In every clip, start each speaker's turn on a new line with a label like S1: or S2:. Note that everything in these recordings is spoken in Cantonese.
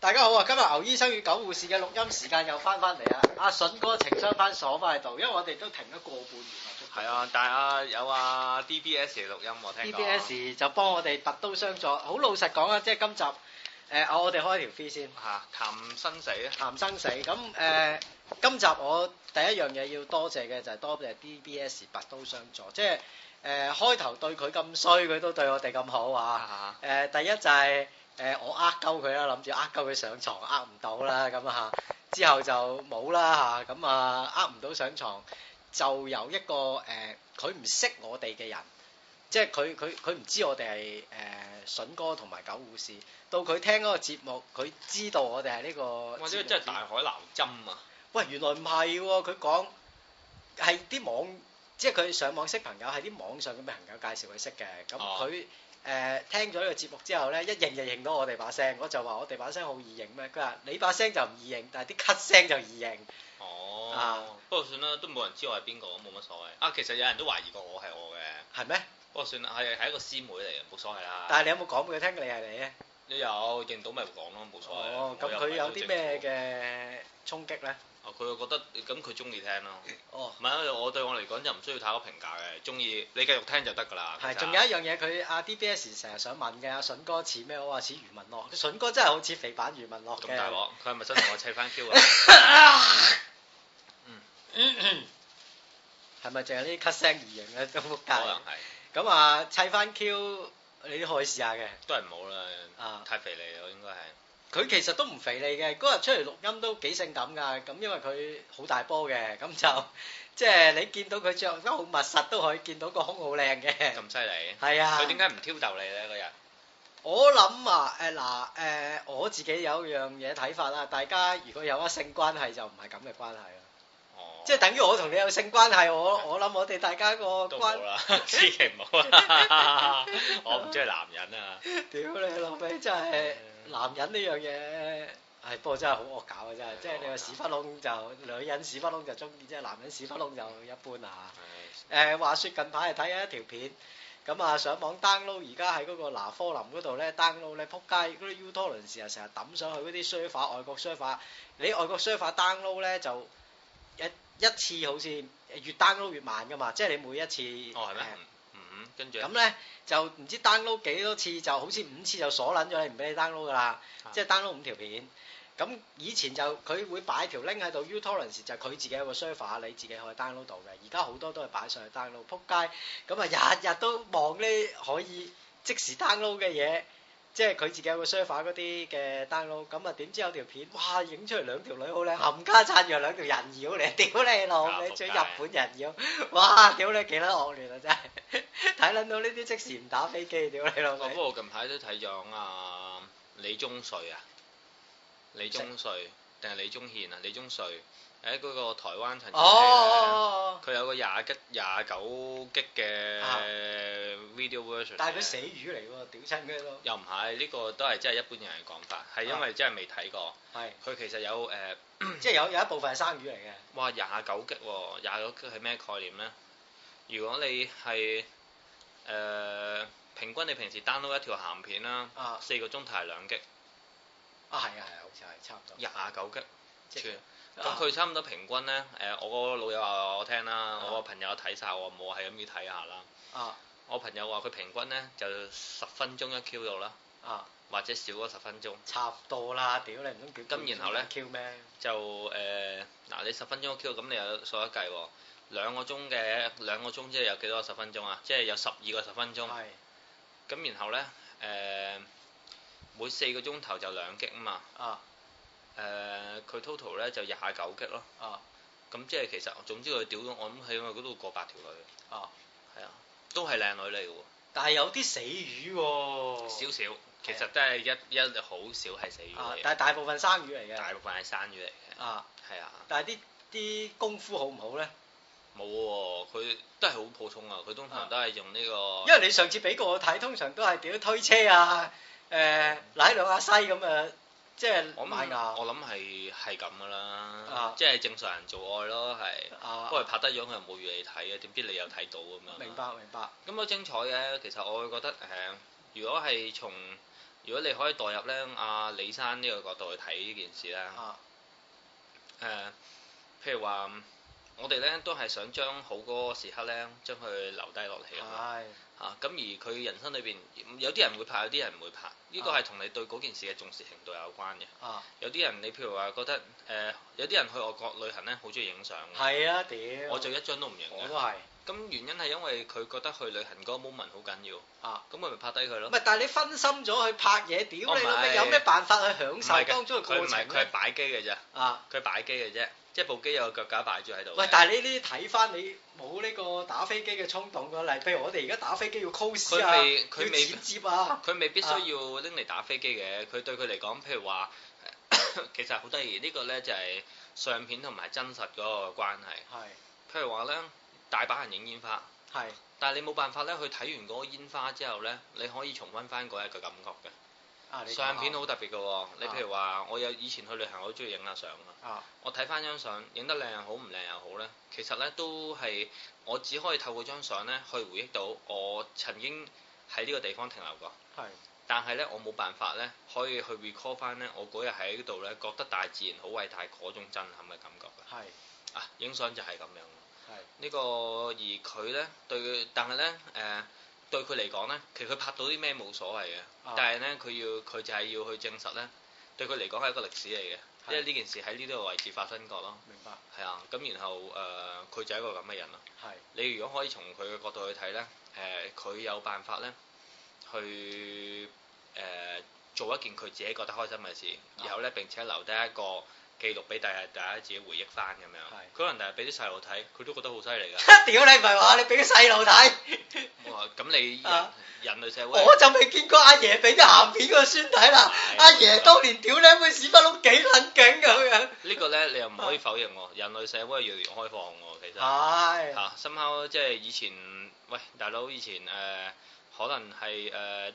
S1: 大家好啊！今日牛醫生與狗護士嘅錄音時間又翻翻嚟啊！阿順哥情商翻鎖翻
S2: 喺度，因為我哋都停咗個半年。係啊，但係、啊、阿有啊 DBS 嚟錄音我聽 DBS
S1: 就幫我哋拔刀相助。好老實講、呃、啊，即係今集誒，我哋開條飛先吓，談生死，談生死。咁誒、呃，今集我第一樣嘢要多謝嘅就係、是、多謝 DBS 拔刀相助，即係誒開頭對佢咁衰，佢都對我哋咁好啊！誒、呃，第一就係、是。誒、呃、我呃鳩佢啦，諗住呃鳩佢上床，呃唔到啦，咁啊，吓之後就冇啦吓。咁啊呃唔到上床，就有一個誒佢唔識我哋嘅人，即係佢佢佢唔知我哋係誒筍哥同埋狗護士。到佢聽嗰個節目，佢知道我哋係呢個。哇！呢啲真
S2: 係大海撈針啊！
S1: 喂，原來唔係喎，佢講係啲網，即係佢上網識朋友，係啲網上嘅朋友介紹佢識嘅，咁佢。哦誒、呃、聽咗呢個節目之後咧，一認就認到我哋把聲，我就話我哋把聲好易認咩？佢話你把聲就唔易認，但係啲咳聲就易認。哦，
S2: 啊、不過算啦，都冇人知我係邊個，咁冇乜所謂。啊，其實有人都懷疑過我係我嘅，係咩嗎？不過算啦，係係一個師妹嚟嘅，冇所謂啦。但
S1: 係你有冇講俾佢聽你係你咧？你
S2: 你有認到咪講咯，冇錯。哦，咁佢有啲咩嘅衝擊咧？啊，佢又覺得咁佢中意聽咯、啊。哦，唔係啊，我對我嚟講就唔需要太多評價嘅，中意你繼續聽就得㗎啦。係，仲有一樣
S1: 嘢，佢阿 D B S 成日想問嘅阿筍哥似咩？我話似余文樂，筍哥真係好似肥版余文樂嘅。咁大鑊？
S2: 佢係咪想同我砌翻 Q 啊？嗯 嗯，
S1: 係咪淨係啲 cutting 耳型嘅中伏咁啊，砌翻 Q。你都可以試下嘅，
S2: 都係唔好啦，太肥膩咯，應該係。
S1: 佢、啊、其實都唔肥膩嘅，嗰日出嚟錄音都幾性感噶，咁因為佢好大波嘅，咁就即係你見到佢着得好密實，都可以見到個胸好靚嘅。咁犀利？係啊。佢點解
S2: 唔挑逗你呢？嗰日？
S1: 我諗啊，誒、呃、嗱，誒、呃、我自己有一樣嘢睇法啦，大家如果有啊性關係就唔係咁嘅關係啦。即係等於我同你有性關係，我我諗我哋大家個關
S2: 係，千祈唔好啊！ 我唔中意男人啊！
S1: 屌你老味，真係男人呢樣嘢，係 不過真係好惡搞啊！真係， 即係你話屎忽窿就女人屎忽窿就中意，即係男人屎忽窿就一般啊！誒、 啊，話説近排啊睇緊一條片，咁啊上網 download 而家喺嗰個拿科林嗰度咧 download 咧， 撲街嗰啲 U t o r 輪時啊，成日揼上去嗰啲 server 外國 server，你外國 server download 咧就。一次好似越 download 越慢噶嘛，即係你每一次哦係咩？
S2: 跟住咁
S1: 咧就唔知 download 幾多次，就好似五次就鎖捻咗你，唔俾你 download 噶啦，啊、即係 download 五條片。咁以前就佢會擺條 link 喺度 ，Utorrent 就係佢自己有個 server，你自己可以 download 到嘅。而家好多都係擺上去 download，撲街咁啊！日日都望呢可以即時 download 嘅嘢。即係佢自己有個 server 嗰啲嘅 download，咁啊點知有條片，哇影出嚟兩條女好靚，冚的家鏟住兩條人妖嚟，屌你老味、
S2: 啊、最日本人妖，
S1: 哇屌你，哇屌你幾撚惡劣啊真係，
S2: 睇 撚到呢啲即時唔打飛機，屌你老味。 我不過我近排都睇咗啊李宗瑞啊，李宗瑞定係吃李宗憲啊，李宗瑞。喺嗰、哎那個台灣曾經，佢、oh, oh, oh, oh. 有個廿 G、廿九 G 嘅 video version，但係佢死
S1: 魚嚟喎，屌親佢囉。
S2: 又唔係呢個都係真係一般人嘅講法，係因為真係未睇過。係佢、oh. 其實有誒，呃、即係有有一部分係生魚嚟嘅。哇！廿九 G，廿九 G 係咩概念咧？如果你係誒、呃、平均，你平時 download 一條鹹片啦，四個鐘頭係兩 G。啊係啊係啊，
S1: 好似係
S2: 差唔多。廿九 G，即係。咁佢、啊、差唔多平均呢，誒、呃，我個老友話我聽啦，啊、我個朋友睇曬，我冇係咁要睇下啦。啊！我朋友話佢平均呢，就十分鐘一 Q 到啦。啊！或者少咗十分鐘。差唔多啦，屌你唔通叫咁多一 Q 咩？就誒，嗱，你十分鐘一 Q，咁你有數得計喎？兩個鐘嘅，兩個鐘即係有幾多十分鐘啊？即係有十二個十分鐘。係。咁然後呢，誒，每四個鐘頭就兩擊啊嘛。啊！誒佢 total 咧就廿九 K 咯，啊，咁、嗯、即係其實總之佢屌到我諗起佢嗰度過百條女，啊，係啊，都係靚女嚟嘅喎，但係有啲死魚喎、哦，少少，其實都係一、啊、一,一好少係死魚、啊、但係大部分生魚嚟嘅，大部分係生魚嚟嘅，啊，係啊，但係啲啲功夫好唔好咧？冇喎、哦，佢都係好普通啊，佢通常都係用呢、這個、啊，因為你上次俾過
S1: 我睇，通常都係屌推車啊，誒拉兩阿西咁啊。即係
S2: 我諗想，的我諗係係咁噶啦，啊、即係正常人做愛咯，係。啊、不過拍得樣佢又冇預你睇嘅，點知你又睇到咁樣。明白明白。咁都精彩嘅，其實我會覺得誒、呃，如果係從如果你可以代入咧，阿、啊、李生呢個角度去睇呢件事咧，誒、啊呃，譬如話，我哋咧都係想將好嗰個時刻咧，將佢留低落嚟啊。啊！咁而佢人生裏邊有啲人會拍，有啲人唔會拍，呢、這個係同你對嗰件事嘅重視程度有關嘅。啊！有啲人你譬如話覺得誒、呃，有啲人去外國旅行咧，好中意影相。係啊！
S1: 屌，
S2: 我最一張都唔影。我都係。咁原因係因為佢覺得去旅行嗰個 moment 好緊要。啊！咁咪咪拍低佢咯。唔係、啊，但
S1: 係你分心咗去拍嘢，屌，你有咩辦法去享受當中嘅過程？佢唔係佢係
S2: 擺機嘅啫。擺機啊！佢係擺機嘅啫。一部機有腳架擺住喺度。喂，但係你
S1: 呢啲睇翻你冇呢個打飛機嘅衝動㗎。例如，譬如我哋而家打飛機要 cos 啊，佢未要
S2: 剪接啊，佢未必須要拎嚟打飛機嘅。佢對佢嚟講，就是、是譬如話，其實好得意。呢個咧就係相片同埋真實嗰個關係。係。譬如話咧，大把人影煙花。
S1: 係
S2: 是。但係你冇辦法咧，去睇完嗰個煙花之後咧，你可以重溫翻嗰一個感覺嘅。啊、相片好特別嘅喎、哦，啊、你譬如話，我有以前去旅行，我都中意影下相嘅。啊、我睇翻張相，影得靚又好，唔靚又好咧，其實咧都係我只可以透過張相咧，去回憶到我曾經喺呢個地方停留過。係是。但係咧，我冇辦法咧，可以去 recall 翻咧，我嗰日喺嗰度咧，覺得大自然好偉大嗰種震撼嘅感覺㗎。係是。啊，影相就係咁樣。係是。這個、呢個而佢咧對，但係咧誒。呃對佢嚟講呢，其實佢拍到啲咩冇所謂嘅，啊、但係呢，佢要佢就係要去證實呢。對佢嚟講係一個歷史嚟嘅，的因為呢件事喺呢度嘅位置發生過咯。明白。係啊，咁然後誒，佢、呃、就係一個咁嘅人咯。係的。你如果可以從佢嘅角度去睇呢，誒、呃，佢有辦法呢去誒、呃、做一件佢自己覺得開心嘅事，啊、然後呢，並且留低一個。記錄俾第日大家自己回憶翻咁樣，佢可能第日俾啲細路睇，佢都覺得好犀利㗎。
S1: 屌你唔係話你俾啲細路睇？
S2: 哇！咁你人類社會我就
S1: 未見過阿爺俾啲鹹片個孫睇啦。阿爺當年屌你，屎忽窿幾撚勁咁樣。
S2: 呢個咧你又唔可以否認喎，人類社會越嚟越開放喎，其實。係。嚇！深刻即係以前，喂，大佬以前誒，可能係誒。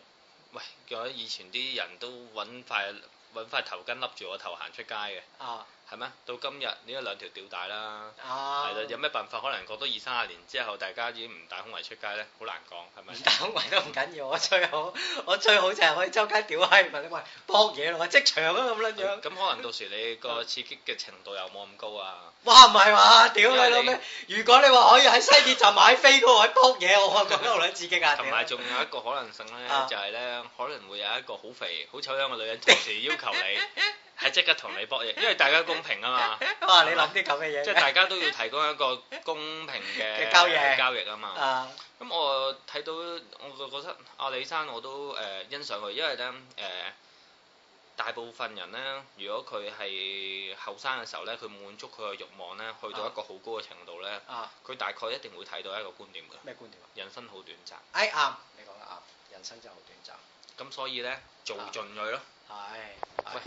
S2: 喂，我以前啲人都搵塊搵塊頭巾笠住我頭行出街嘅。啊。.係咩？到今日呢一兩條吊帶啦，係啦、啊，有咩辦法？可能過多二三十年之後，大家已經唔戴胸圍出街咧，好難講，是是係咪？唔戴胸圍都唔緊
S1: 要，我最好，我最好就係可以周街屌閪，問你喂扑嘢咯，即場啦咁樣。
S2: 咁、啊、可能到時你個刺激嘅程度又冇咁高啊？哇，唔係嘛，屌你老味！如
S1: 果你話可以喺西鐵站買飛嗰位扑嘢， 我覺得好撚刺激啊！同埋
S2: 仲有一個可能性咧，啊、就係咧，可能會有一個好肥、好醜樣嘅女人隨時要求你。 係即刻同你博弈，因為大家公平啊嘛。 哇！吧你諗啲咁嘅嘢。即係大家都要提供一個公平嘅交易 交易啊嘛。咁、嗯、我睇到我就覺得阿李生我都誒、呃、欣賞佢，因為咧誒、呃、大部分人咧，如果佢係後生嘅時候咧，佢滿足佢嘅欲望咧，去到一個好高嘅程度咧，佢、嗯嗯、大概一定會睇到一個觀點㗎。咩觀點？人生好短暫。誒啱、
S1: 哎，嗯、你講得啱，人生真係好短暫。
S2: 咁所以咧，做盡佢咯。係。喂。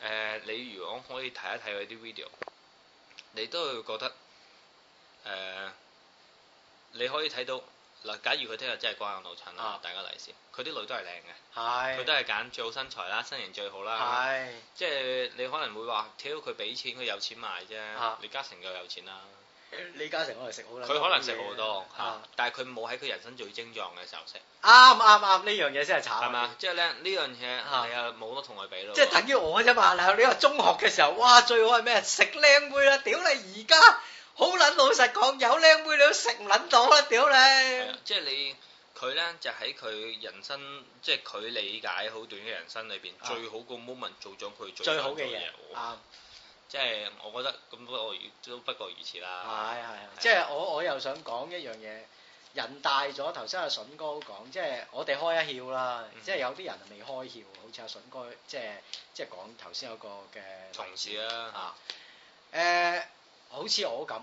S2: 誒、呃，你如果可以睇一睇佢啲 video，你都會覺得誒、呃，你可以睇到嗱，假如佢聽日真係關愛老襯啦，啊、大家嚟先，佢啲女都係靚嘅，佢是都係揀最好身材啦，身形最好啦，即係是、啊就是、你可能會話，挑佢俾錢，佢有錢買啫，李嘉誠又有錢啦。李嘉誠我哋食好，佢可能食好多吓，多啊、但係佢冇喺佢人生最精壯嘅時候食。
S1: 啱啱啱，
S2: 啊啊啊就是、呢樣嘢先係慘。係嘛，即係咧呢樣嘢吓，係啊冇得同佢比咯。即係等於
S1: 我啫嘛。你話中學嘅時候，哇最好係咩？食靚妹啦，屌你而家好捻老實講，有靚妹你都食唔捻到啦，屌、啊、你。
S2: 即係你佢咧就喺佢人生，即係佢理解好短嘅人生裏邊，最好個 moment 做咗佢做。最好嘅嘢。啱、啊。即係我覺得咁，不過都不過如此啦。係係，即
S1: 係我我又想講一樣嘢，人大咗，頭先阿筍哥都講，即係我哋開一竅啦，嗯、哼即係有啲人未開竅，好似阿、啊、筍哥，即係即係講頭先有個嘅
S2: 同事啦。的啊，
S1: 誒、呃，好似我咁，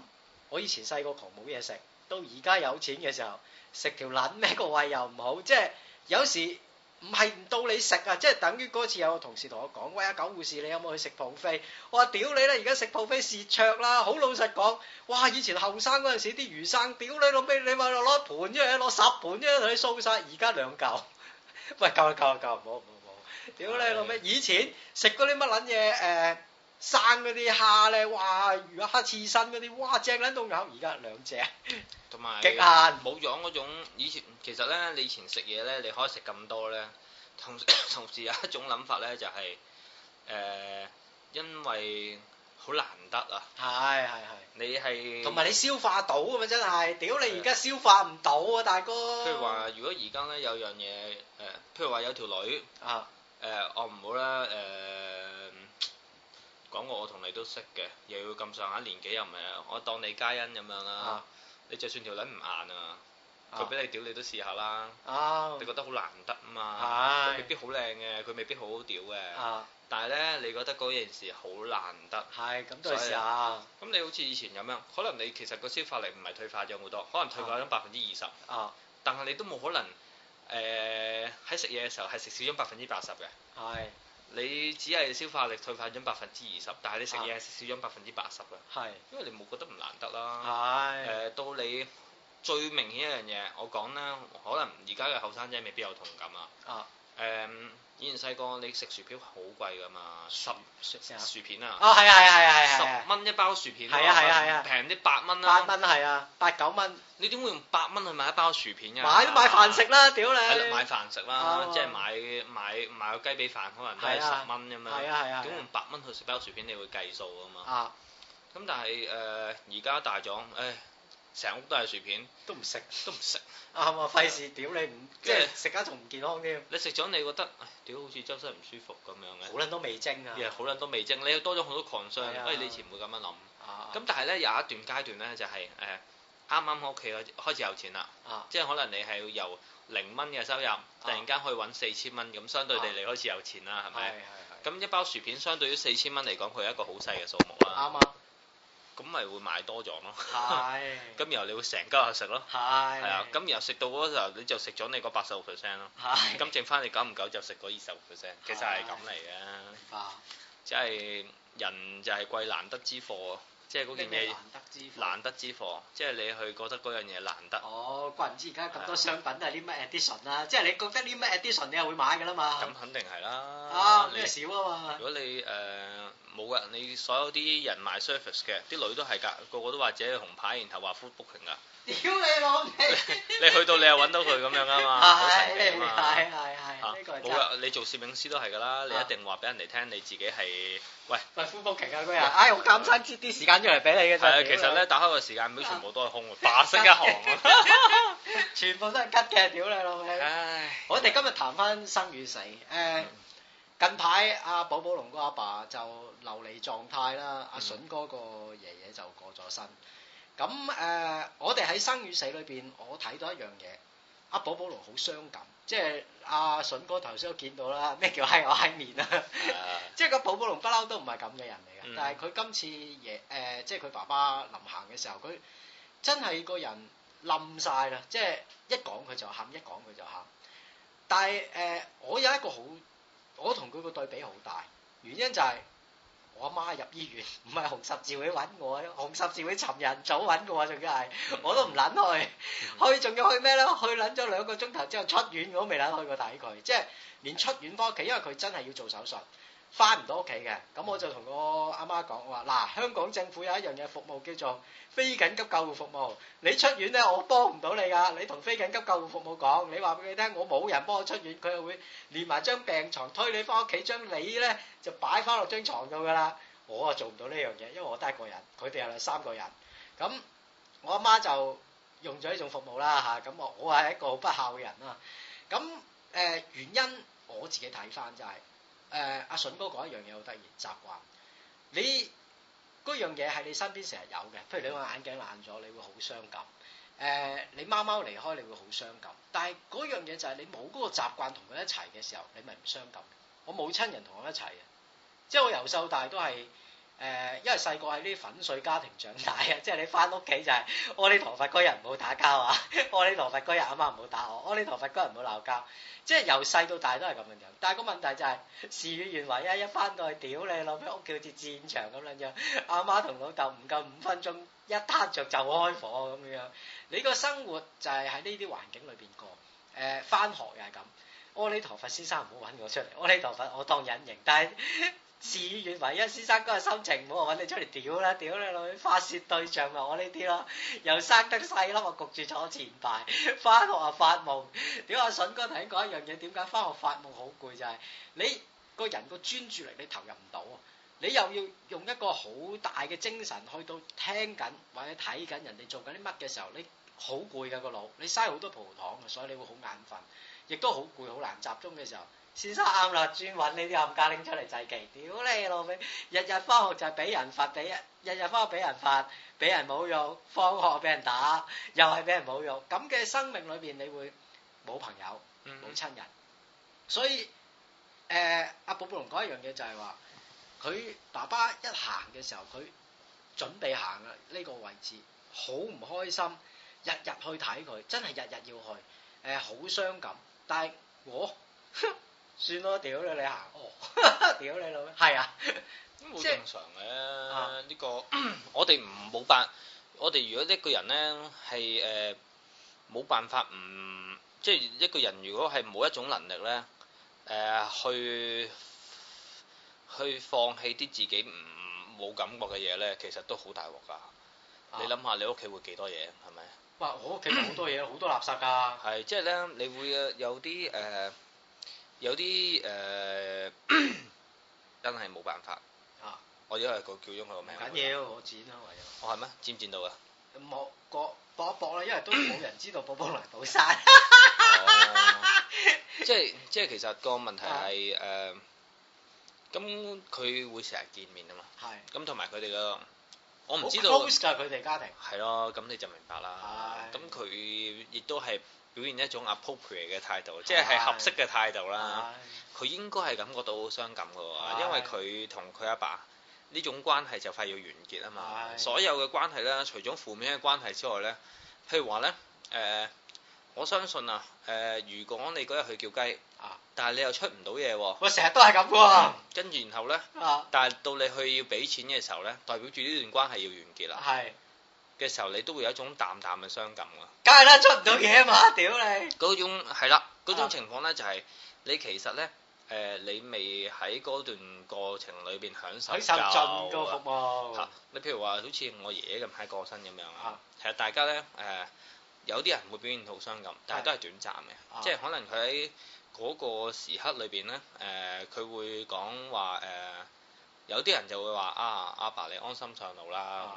S1: 我以前細個窮冇嘢食，到而家有錢嘅時候，食條撚咩，個胃又唔好，即係有時。唔係唔到你食啊，即係等於嗰次有個同事同我講，喂啊狗護士你有冇去食 buffet？我話屌你呢啦，而家食 buffet 蝕灼啦，好老實講。哇！以前後生嗰陣時啲魚生，屌你老味，你咪攞一盤啫，攞十盤啫，同你掃晒。而家兩嚿，喂，夠啦夠啦夠，唔好唔好唔好。屌你老味，是以前食嗰啲乜撚嘢誒？呃生嗰啲蝦咧，哇！魚蝦刺身嗰啲，哇！正捻到咬，而家兩隻，
S2: 同埋極限冇咗嗰種。以前其實咧，你以前食嘢咧，你可以食咁多咧。同同時有一種諗法咧，就係、是、誒、呃，因為好難得啊，係係係，你係同埋你
S1: 消化到吖嘛？真係，屌你而家消化唔到啊，大哥。譬如話，
S2: 如果而家咧有樣嘢誒，譬如話有條女啊，誒、呃，我唔好啦，誒、呃。呃呃呃呃呃講過我同你都識嘅，又要咁上下年紀又唔係，我當你嘉欣咁樣啦。你就算條撚唔硬啊，佢俾你屌你都試下啦。你覺得好難得啊嘛，佢未必好靚嘅，佢未必好好屌嘅。但係咧，你覺得嗰件事好難得。係咁都係試下。咁你好似以前咁樣，可能你其實個消化力唔係退化咗好多，可能退化咗百分之二十。啊！但係你都冇可能，誒喺食嘢嘅時候係食少咗百分之八十嘅。係。你只係消化力退化咗百分之二十，但係你食嘢係少咗百分之八十啦。係，啊、因為你冇覺得唔難得啦。係、哎。誒、呃，到你最明顯一樣嘢，我講啦，可能而家嘅後生仔未必有同感啊。啊、呃。誒。以前細個你食薯片好貴㗎嘛，十薯片啊，哦係係係係係，十蚊一包薯片，係啊係啊，平啲八蚊啦，八蚊係啊，八九蚊。你點會用八蚊去買一包薯片㗎？買都買飯食啦，屌你！係咯，買飯食啦，即係買買買個雞髀飯可能係十蚊咁樣，係啊係啊。點用八蚊去食包薯片？你會計數啊嘛。咁但係誒而家大咗，唉。成屋都係薯片，都唔食，都唔食。
S1: 啱啊，費事屌你
S2: 唔，即係食下仲唔健康添。你食咗你覺得，屌好似周身唔舒服咁樣。好撚多味精啊！好撚多味精，你多咗好多 concern，所以你以前唔會咁樣諗。咁但係咧有一段階段咧就係誒，啱啱喺屋企啦，開始有錢啦。即係可能你係由零蚊嘅收入，突然間可以揾四千蚊，咁相對地你開始有錢啦，係咪？係咁一包薯片相對於四千蚊嚟講，佢係一個好細嘅數目啊。啱啊！咁咪會買多咗咯，咁然後你會成嚿去食咯，係啊，咁然後食到嗰時候你就食咗你嗰八十五 percent 咯，咁剩翻你久唔久就食嗰二十五 percent，其實係咁嚟嘅，即係人就係貴難得之貨，即係嗰件嘢難得之貨，即係你去覺得嗰樣嘢難得。哦，怪
S1: 唔知而家咁多商品都啲乜 edition 啦，即係你覺得啲乜 edition 你係會買㗎啦嘛。
S2: 咁肯定係啦，咩少啊嘛？如果你誒。冇噶，你所有啲人賣 service 嘅，啲女都係噶，個個都話自己紅牌，然後話 full booking 噶。
S1: 屌你老味！
S2: 你去到你又揾到佢咁樣噶嘛？好
S1: 神㗎嘛！冇噶，
S2: 你做攝影師都係噶啦，你一定話俾人哋聽你自己係喂，喂 full booking 啊嗰日。唉，我
S1: 咁慘，節啲時間出嚟俾你嘅啫。其實咧
S2: 打開個時間表全部都係空，白色一行啊，全部都係吉嘅，屌你老味！唉。
S1: 我哋今日談翻生與死，誒。近排阿寶寶龍個阿爸就流離狀態啦，阿筍哥個爺爺就過咗身。 我同佢個對比好大，原因就係我阿媽入醫院，唔係紅十字會揾我，紅十字會尋日早揾我，仲要係我都唔捻去，去仲要去咩咧？去捻咗兩個鐘頭之後出院，出院，我都未捻去過睇佢，即係連出院返屋企，因為佢真係要做手術。翻唔到屋企嘅，咁我就同我阿媽講，我話嗱，香港政府有一樣嘢服務叫做非緊急救護服務，你出院咧，我幫唔到你噶，你同非緊急救護服務講，你話俾佢聽，我冇人幫我出院，佢就會連埋張病牀推你翻屋企，將你咧就擺翻落張牀度噶啦，我啊做唔到呢樣嘢，因為我單一個人，佢哋係兩三個人，咁我阿媽就用咗呢種服務啦嚇，咁我我係一個不孝嘅人啦，咁誒原因我自己睇翻就係。誒，阿順哥講一樣嘢，好得意，習慣。你嗰樣嘢係你身邊成日有嘅，譬如你個眼鏡爛咗，你會好傷感。誒、呃，你貓貓離開你會好傷感，但係嗰樣嘢就係你冇嗰個習慣同佢一齊嘅時候，你咪唔傷感。我冇親人同我一齊嘅，即係我由細到大都係。誒，因為細個喺啲粉碎家庭長大啊，即係你翻屋企就係，阿彌陀佛嗰日唔好打交啊，阿彌陀佛嗰日阿媽唔好打我，阿彌陀佛嗰日唔好鬧交，即係由細到大都係咁樣樣。但係個問題就係，事與願違，一一翻到去，屌你老母，屋企好似戰場咁樣樣，阿媽同老豆唔夠五分鐘，一撻着就開火咁樣。你個生活就係喺呢啲環境裏邊過，誒、呃，翻學又係咁，阿彌陀佛先生唔好搵我出嚟，阿彌陀佛我當隱形，但係。至於閱文，因為先生嗰個心情唔好，我揾你出嚟屌啦，屌你老，發泄對象咪我呢啲咯。又生得細粒，我焗住坐前排，翻 學啊，發夢。屌阿筍哥頭先講一樣嘢，點解翻學發夢好攰？就係、是、你個人個專注力你投入唔到，啊，你又要用一個好大嘅精神去到聽緊或者睇緊人哋做緊啲乜嘅時候，你好攰㗎個腦，你嘥好多葡萄糖啊，所以你會好眼瞓，亦都好攰，好難集中嘅時候。先生啱啦，專揾呢啲冚家拎出嚟祭旗屌你老味，日日返學就係俾人罰，俾日日日返學俾人罰，俾人侮辱，放學俾人打，又係俾人侮辱。咁嘅生命裏邊，你會冇朋友，冇親人。所以，誒、呃，阿寶寶龍講一樣嘢就係、是、話，佢爸爸一行嘅時候，佢準備行啦呢個位置，好唔開心。日日去睇佢，真係日日要去。誒、呃，好傷感。但係
S2: 我，哼。
S1: 算咯，屌你你行，哦，屌 你
S2: 老咩？係啊，
S1: 都 好 正
S2: 常嘅呢、這個。我哋唔冇辦，我哋如果一個人咧係誒冇辦法，唔即係一個人如果係冇一種能力咧，誒、呃、去去放棄啲自己唔冇感覺嘅嘢咧，其實都好大鑊噶。
S1: 啊、你諗
S2: 下你屋企會幾多嘢，係咪？哇、啊！我屋企好多嘢，好 多垃圾噶。係 即係咧，你會有啲誒。 有啲誒真係冇辦法啊！我、呃、 因為個叫咗佢個名我唔緊要，我剪啦，我係咩？剪唔、哦、剪到嘅？
S1: 搏搏一搏啦，因為都冇人知道搏搏嚟到晒。
S2: 即係即係，其實個問題係誒，咁、呃、佢會成日見面啊嘛。係對。咁同埋佢哋個，我唔知道。就係佢哋家庭。係咯，咁你就明白啦。咁佢亦都係。表現一種 appropriate 嘅態度，的即係係合適嘅態度啦。佢的應該係感覺到好傷感嘅喎，的因為佢同佢阿爸呢種關係就快要完結啊嘛。的所有嘅關係咧，除咗負面嘅關係之外咧，譬如話咧，誒、呃，我相信啊，誒、呃，如果你嗰日去叫雞，啊、但係你又出唔到嘢喎，我成日都係咁嘅喎。跟住、嗯、然後咧，啊、但係到你去要俾錢嘅時候咧，代表住呢段關係要完結啦。係。嘅時候，你都會有一種淡淡嘅傷感㗎。梗係啦，出唔到嘢嘛，屌你！嗰種係啦，嗰種情況咧就係、是、你其實咧誒、呃，你未喺嗰段過程裏邊享受享受盡個服務。嚇、啊！你譬如話好似我爺爺咁喺過身咁樣啊。其實啊，大家咧誒、呃，有啲人會表現到傷感，但係都係短暫嘅。啊、即係可能佢喺嗰個時刻裏邊咧誒，佢、呃、會講話誒。呃有啲人就會話，啊，阿爸你安心上路啦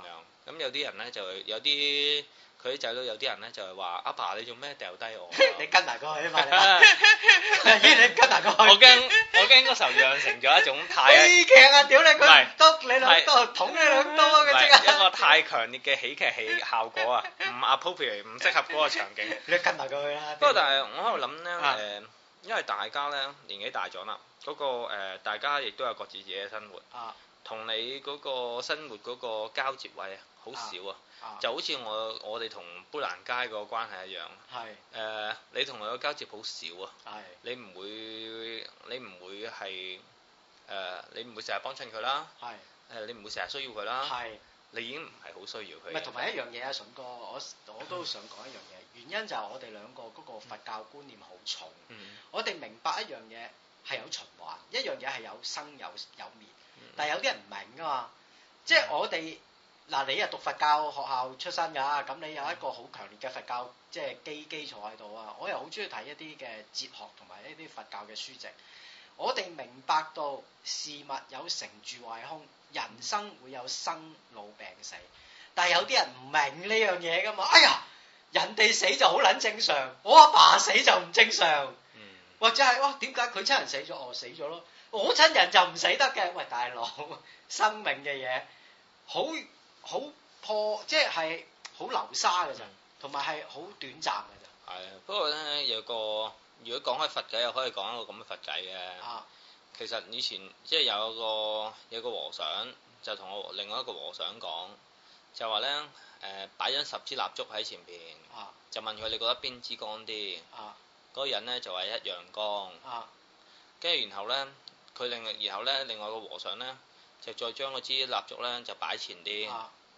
S2: 咁樣。咁有啲人咧就有啲佢啲仔女，有啲人咧就係話阿爸，你做咩掉低我，
S1: 你跟埋過去啊嘛，
S2: 你跟埋過去。我驚我驚嗰時候養成咗一種太喜劇啊！屌你佢，篤你
S1: 兩刀，捅你兩刀啊！一個
S2: 太強烈嘅喜劇氣效果啊，唔 appropriate 唔適合嗰個場景。你跟埋過去啦。不過但係我喺度諗咧誒，因為大家咧年紀大咗啦。嗰個大家亦都有各自自己嘅生活，啊、同你嗰個生活嗰個交接位啊，好少啊，就好似我我哋同砵蘭街個關係一樣，誒是，你同佢個交接好少啊，你唔是會你唔會係誒，你唔會成日幫襯佢啦，誒、啊，你唔會成日是需要佢啦，是你已經唔係好需要佢。唔係同埋一樣嘢啊，順
S1: 哥，我我，我都想講一樣嘢，原因就係我哋兩個嗰個佛教觀念好重，我哋明白一樣嘢。嗯係有循環，一樣嘢係有生有有滅，但係有啲人唔明噶嘛。即係我哋嗱，你係讀佛教學校出身啊，咁你有一個好強烈嘅佛教即係基基礎喺度啊。我又好中意睇一啲嘅哲學同埋一啲佛教嘅書籍。我哋明白到事物有成住壞空，人生會有生老病死，但係有啲人唔明呢樣嘢噶嘛。哎呀，人哋死就好捻正常，我阿爸死就唔正常。或者係哇？點解佢親人死咗，我、哦、死咗咯？我親人就唔死得嘅。喂，大佬，生命嘅嘢，好好破，即係好流沙嘅咋，同埋係好短暫嘅咋。
S2: 係啊，不過咧有個，如果講開佛偈，又可以講一個咁嘅佛偈嘅。啊，其實以前即係有一個有一個和尚就同我另外一個和尚講，就話咧誒擺咗十支蠟燭喺前邊，啊、就問佢你覺得邊支光啲？啊。嗰人咧就係、是、一樣光，跟住、啊、然後咧，佢另外，然後咧另外個和尚咧，就再將嗰支蠟燭咧就擺前啲，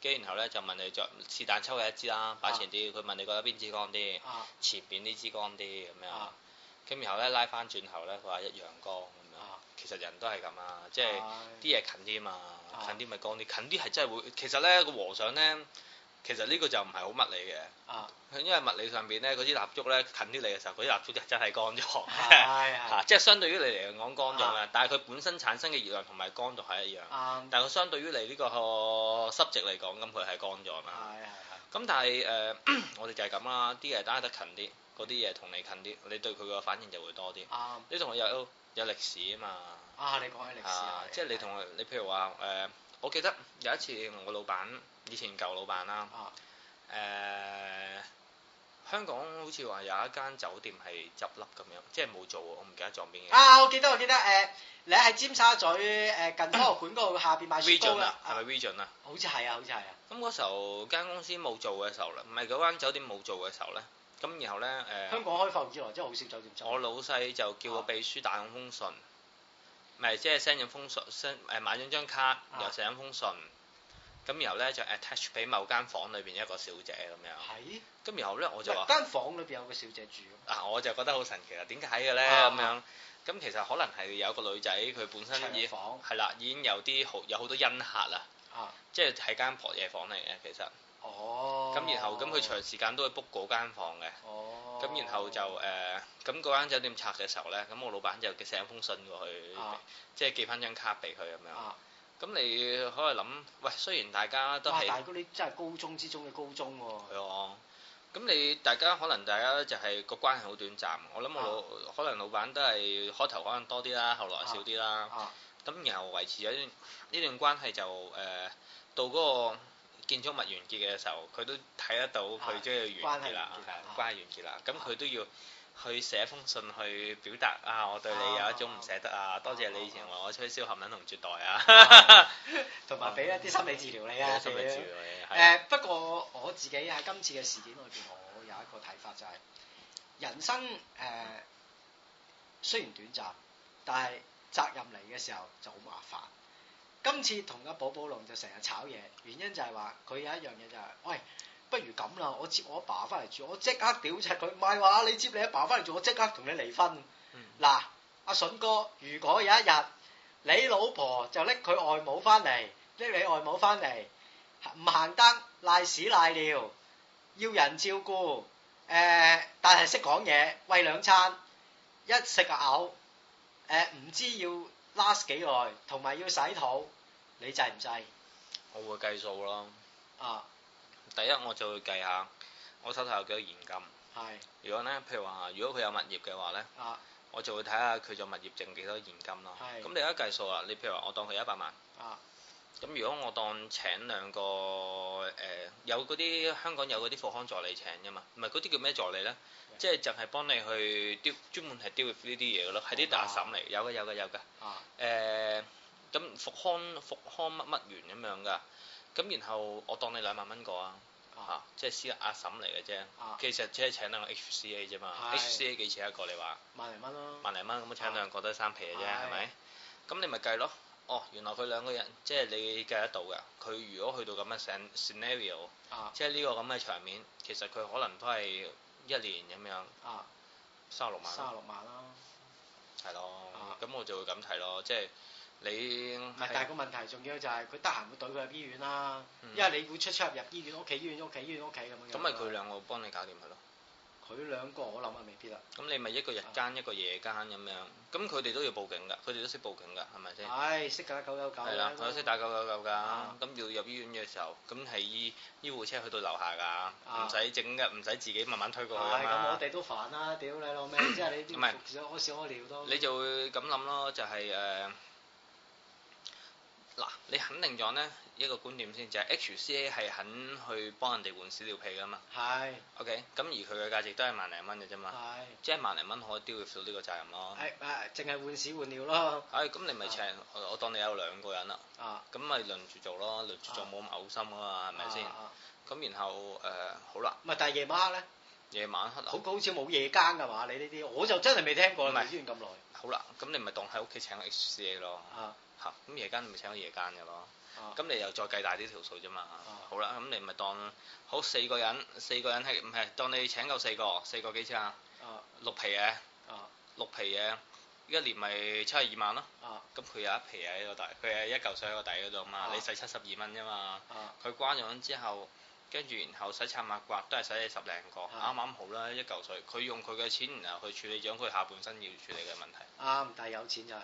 S2: 跟住、啊、然後咧就問你，著是但抽嘅一支啦，擺前啲，佢、啊、問你覺得邊支光啲，啊、前邊呢支光啲咁樣，跟、啊、然後咧拉返轉頭咧，佢話一樣光咁樣，啊、其實人都係咁啊，即係啲嘢近啲啊嘛，近啲咪光啲，近啲係真係會，會，其實咧、嗰個和尚咧。其實呢個就唔係好物理嘅，啊、因為物理上邊咧，嗰啲蠟燭咧近啲你嘅時候，嗰啲蠟燭真係乾咗嘅，吓，即係相對於你嚟講乾咗啦，但係佢本身產生嘅熱量同埋乾度係一樣，但係相對於你呢個濕值嚟講，咁佢係乾咗嘛。係啊，咁但係誒，我哋就係咁啦，啲嘢打得近啲，嗰啲嘢同你近啲，你對佢個反應就會多啲，你同我有有歷史啊嘛，啊，你講起歷史啊，即係你同你譬如話誒。我記得有一次我老闆，以前舊老闆啦，誒、啊呃、香港好似話有一間酒店係執笠咁樣，即係冇做喎，我唔記得撞邊嘅。啊，我記
S1: 得我記得誒、呃，
S2: 你喺尖沙咀誒、呃、近科學館
S1: 嗰度下邊賣雪糕啦，
S2: 係咪 Region 啊？好似係啊，好似係啊。咁嗰時候間公司冇做嘅時候啦，唔係嗰間酒店冇做嘅時候咧，咁然後咧誒，呃、香
S1: 港開放以來真係好少酒店做。我
S2: 老細就叫我秘書打緊封信。啊咪即係 send 咗封信，誒買咗張卡，又寫咗封信，咁、啊、然後咧就 attach 俾某間房裏邊一個小姐咁樣，咁是然後咧我就話間
S1: 房裏邊有個小姐住，
S2: 嗱、啊、我就覺得好神奇啦，點解嘅咧咁樣？咁、啊、其實可能係有個女仔佢本身夜房係啦，已經有啲好有好多恩客啦，啊、即係喺間婆夜房嚟嘅其實。哦，咁然後咁佢、啊、長時間都會 book 嗰間房嘅，哦，咁然後就誒，咁嗰間酒店拆嘅時候咧，咁我老闆就寄咗封信過去，啊、即係寄翻張卡俾佢咁樣。咁、啊、你可以諗，喂，雖然大家都係，但
S1: 係啲真係高中之中嘅高中喎、啊。
S2: 係咁、啊、你大家可能大家就係、是那個關係好短暫，我諗我老、啊、可能老闆都係開頭可能多啲啦，後來少啲啦。咁、啊啊、然後維持咗呢段關係就誒、呃、到嗰、那個。啊建築物完結嘅時候，佢都睇得到佢將要完結啦，關係完結啦。咁佢都要去寫封信去表達啊，我對你有一種唔捨得啊，多謝你以前話我吹簫含撚同絕代啊，同埋俾一啲心理治療你啊，心理治療你。誒，
S1: 不過我自己喺今次嘅事件裏邊，我有一個睇法就係，人生誒雖然短暫，但係責任嚟嘅時候就好麻煩。今次同阿寶寶龍就成日炒嘢，原因就係話佢有一樣嘢就係，喂，不如咁啦，我接我阿爸翻嚟住，我即刻屌柒佢，唔係話你接你阿爸翻嚟住，我即刻同你離婚。嗱，阿筍哥，如果有一日你老婆就拎佢外母翻嚟，拎你外母翻嚟，唔行得，賴屎賴尿，要人照顧，誒，但係識講嘢，餵兩餐，一食就嘔，誒，唔知要 last 幾耐，同埋要洗肚，你
S2: 制唔制？我會計數咯。啊！第一我就會計下，我手頭有幾多現金。係。如果咧，譬如話，如果佢有物業嘅話咧，啊，我就會睇下佢做物業剩幾多是現金咯。係。咁你而家計數啦，你譬如話我當佢一百萬，啊，咁如果我當請兩個誒、呃，有嗰啲香港有嗰啲復康助理請嘅嘛，唔係嗰啲叫咩助理咧？即係淨係幫你去 deal，專門係 deal with 呢啲嘢嘅咯，係啲大嬸嚟、啊，有嘅有嘅有嘅。誒、啊，咁、呃、復康復康乜乜員咁樣㗎。咁然後我當你兩萬蚊過啊，嚇、啊啊，即係私阿、啊、嬸嚟嘅啫。啊、其實只係請兩個 H C A 啫嘛是，H C A 幾錢一個你？你話？
S1: 萬零蚊咯。萬
S2: 零蚊咁樣請兩個都係三皮嘅啫，係咪、啊？咁是你咪計咯。哦，原來佢兩個人即係你計得到㗎。佢如果去到咁嘅 scenario，、啊、即係呢個咁嘅場面，其實佢可能都係。一年咁樣啊，萬啊三十六萬啦、啊。三十六萬啦，係咯、啊，咁我就會咁睇咯，即係你。唔係、哎、但係個問題仲要
S1: 就係佢得閒會懟佢入醫院啦、啊，嗯、
S2: 因為你會
S1: 出出入入醫院，屋企醫院，屋企醫院，屋企咁樣。咁咪佢
S2: 兩個幫你搞掂佢咯。佢兩個我諗啊，未必啦。咁你咪一個日間一個夜間咁樣，咁佢哋都要報警噶，佢哋都識報警噶，係咪先？係識打
S1: 九九九。係啦，佢都識打
S2: 九九九噶。咁要入醫院嘅時候，咁係醫醫護車去到樓下噶，唔使整嘅，唔使自己慢慢推過去㗎嘛。咁我哋
S1: 都煩啦，屌你老味！即係
S2: 你，我小我聊多。你就會咁諗咯，就係誒，嗱，你肯定咗咧。一個觀點先，就係 H C A 係肯去幫人哋換屎尿屁噶嘛，係，OK，咁而佢嘅價值都係萬零蚊嘅啫嘛，係，即係萬零蚊可以 deal 到呢個責任咯，係誒，淨係換屎換尿咯，係，咁你咪請我當你有兩個人啦，啊，咁咪輪住做咯，輪住做冇咁嘔心吖嘛，係咪先？咁然後誒好啦，咪係，但係夜晚黑咧，夜晚黑
S1: 好，好似冇夜間噶嘛，你呢啲，我就真係未聽過，唔係先
S2: 咁耐。好啦，咁你咪當喺屋企請 H C A 咯，嚇，咁夜間咪請個夜間嘅咯。咁你又再計大啲條數啫嘛，啊、好啦，咁你咪當好四個人，四個人係唔係當你請夠四個，四個幾錢啊？六皮嘢，啊、六皮嘢，一年咪七十二萬咯、啊。咁佢、啊、有一皮喺個底，佢係一嚿水喺個底嗰度啊嘛，啊你使七十二蚊啫嘛，佢、啊、關咗之後。跟住然後洗刷抹刮都係洗你十零個，啱啱對好啦一嚿水。佢用佢嘅錢，然後去處理咗佢下半身要處理嘅問題。啱，但係有錢就係。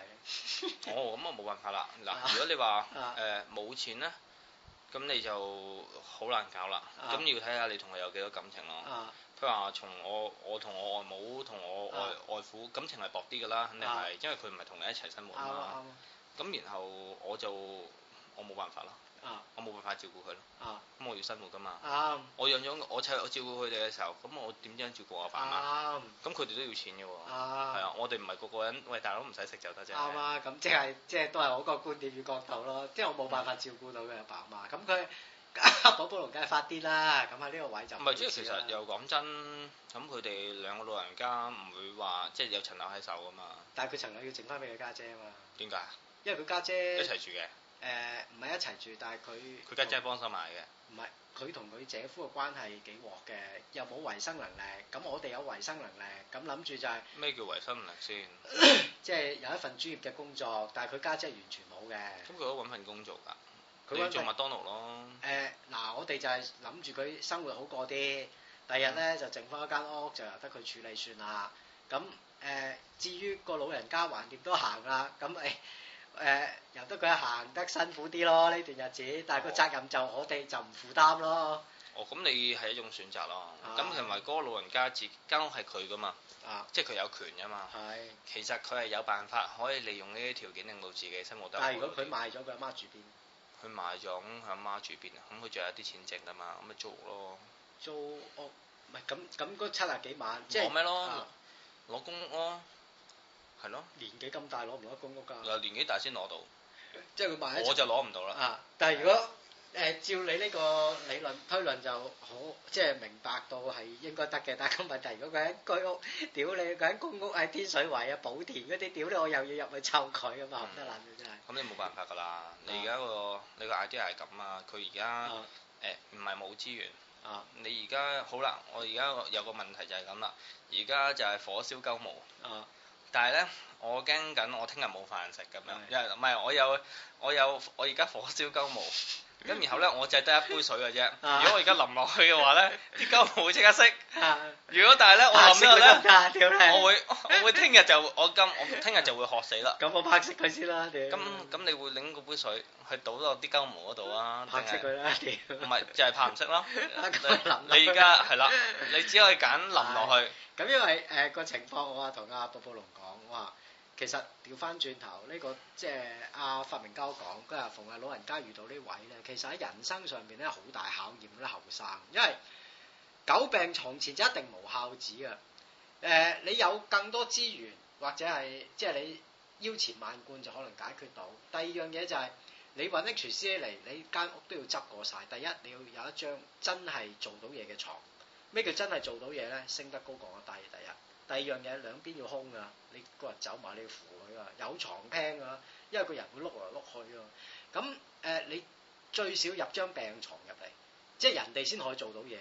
S2: 哦，咁啊冇辦法啦。嗱，如果你話誒冇錢咧，咁你就好難搞啦。咁、啊、要睇下你同佢有幾多感情咯。譬如話、啊、從我我同我外母同我外外父、啊、感情係薄啲㗎啦，肯定係，因為佢唔係同你一齊生活啊嘛。咁、啊啊啊啊、然，然後我就我冇辦法啦。啊！我冇辦法照顧佢咯。啊！咁我要生活噶嘛。啱。我養咗我我照顧佢哋嘅時候，咁我點樣照顧阿爸阿媽？咁佢哋都要錢嘅
S1: 喎。啊。係啊，
S2: 我哋唔係個個人，喂大佬唔使食就得啫。啱啊，
S1: 咁即係即係都係我個觀點與角度咯，即係我冇辦法照顧到佢阿爸阿媽，咁佢寶寶龍梗係發啲啦，咁喺呢個位就唔係即係其實
S2: 又講真，咁佢哋兩個老人家唔會話即係有層樓喺手啊嘛。
S1: 但係佢層樓要整翻俾佢家姐啊嘛。點解？因為佢家姐，一齊住嘅。誒唔係一齊住，但係佢佢家姐
S2: 幫手買嘅。
S1: 唔係，佢同佢姐夫嘅關係幾和嘅，又冇維生能力，咁我哋有維生能力，咁諗住就係、
S2: 是、咩叫維生能力先？
S1: 即係、 就是、有一份專業嘅工作，但係佢家姐完全冇嘅。
S2: 咁佢都揾份工作㗎，佢揾做麥當勞
S1: 咯。誒嗱、呃呃呃，我哋就係諗住佢生活好過啲，第二日咧、嗯、就剩翻一間屋，就由得佢處理算啦。咁誒、呃，至於個老人家還掂都行啊？咁誒。欸欸誒由得佢行得辛苦啲咯，呢段日子，但係個責任就我哋就唔負擔咯。
S2: 哦，咁你係一種選擇咯。咁同埋嗰個老人家住間屋係佢噶嘛。啊，即係佢有權噶嘛？係。其實佢係有辦法可以利用呢啲條件令到自己生活得。但係如果佢賣
S1: 咗佢阿媽住邊？
S2: 佢賣咗咁，佢阿媽住邊啊？咁佢仲有啲錢剩噶嘛？咁咪租屋咯。租屋唔
S1: 係咁咁嗰七啊幾萬。即係攞咩
S2: 咯？攞公屋咯。係咯，年紀咁大攞唔到公屋㗎，嗱年紀大先攞到，即係佢賣，我就攞唔到啦。啊！
S1: 但係如果誒的、呃、照你呢個理論推論就，就好，即係明白到係應該得嘅。但係問題，如果佢喺居屋，屌你佢喺公屋喺天水圍啊、寶田嗰啲，屌你我又要入去湊佢啊嘛，唔得啦！真
S2: 係。咁、嗯、你冇辦法㗎啦、啊那個！你而家個你個 idea 係咁啊，佢而家誒唔係冇資源啊！你而家好啦，我而家有個問題就係咁啦，而家就係火燒鳩毛啊！啊但係咧，我驚緊，我聽日冇飯食咁樣，因為唔係我有，我有我而家火燒鳩毛，咁然後咧我淨係得一杯水嘅啫。如果我而家淋落去嘅話咧，啲鳩毛會即刻熄。如果但係咧我淋咗落去咧，我會我會聽日就我今我聽日就會渴死啦。咁我拍熄佢先啦。咁咁你會擰嗰杯水去倒落啲鳩毛嗰度啊？拍熄佢啦！屌，唔係就係拍唔熄咯。你而家係啦，你只可以揀淋落去。
S1: 咁因為誒個情況，我啊同阿波波龍。哇！其實調翻轉頭呢個即係阿發明家講，佢話逢係老人家遇到呢位咧，其實喺人生上邊咧好大考驗咧後生，因為久病牀前就一定無孝子啊！誒、呃，你有更多資源或者係即係你腰纏萬貫就可能解決到。第二樣嘢就係你揾 HCA 嚟，你間屋都要執過晒。第一你要有一張真係做到嘢嘅床。咩叫真係做到嘢咧？升得高降得低，第一。第二樣嘢兩邊要空㗎，你個人走埋你要扶佢啊，有床廳啊，因為個人會碌嚟碌去啊。咁誒、呃，你最少入張病床入嚟，即係人哋先可以做到嘢。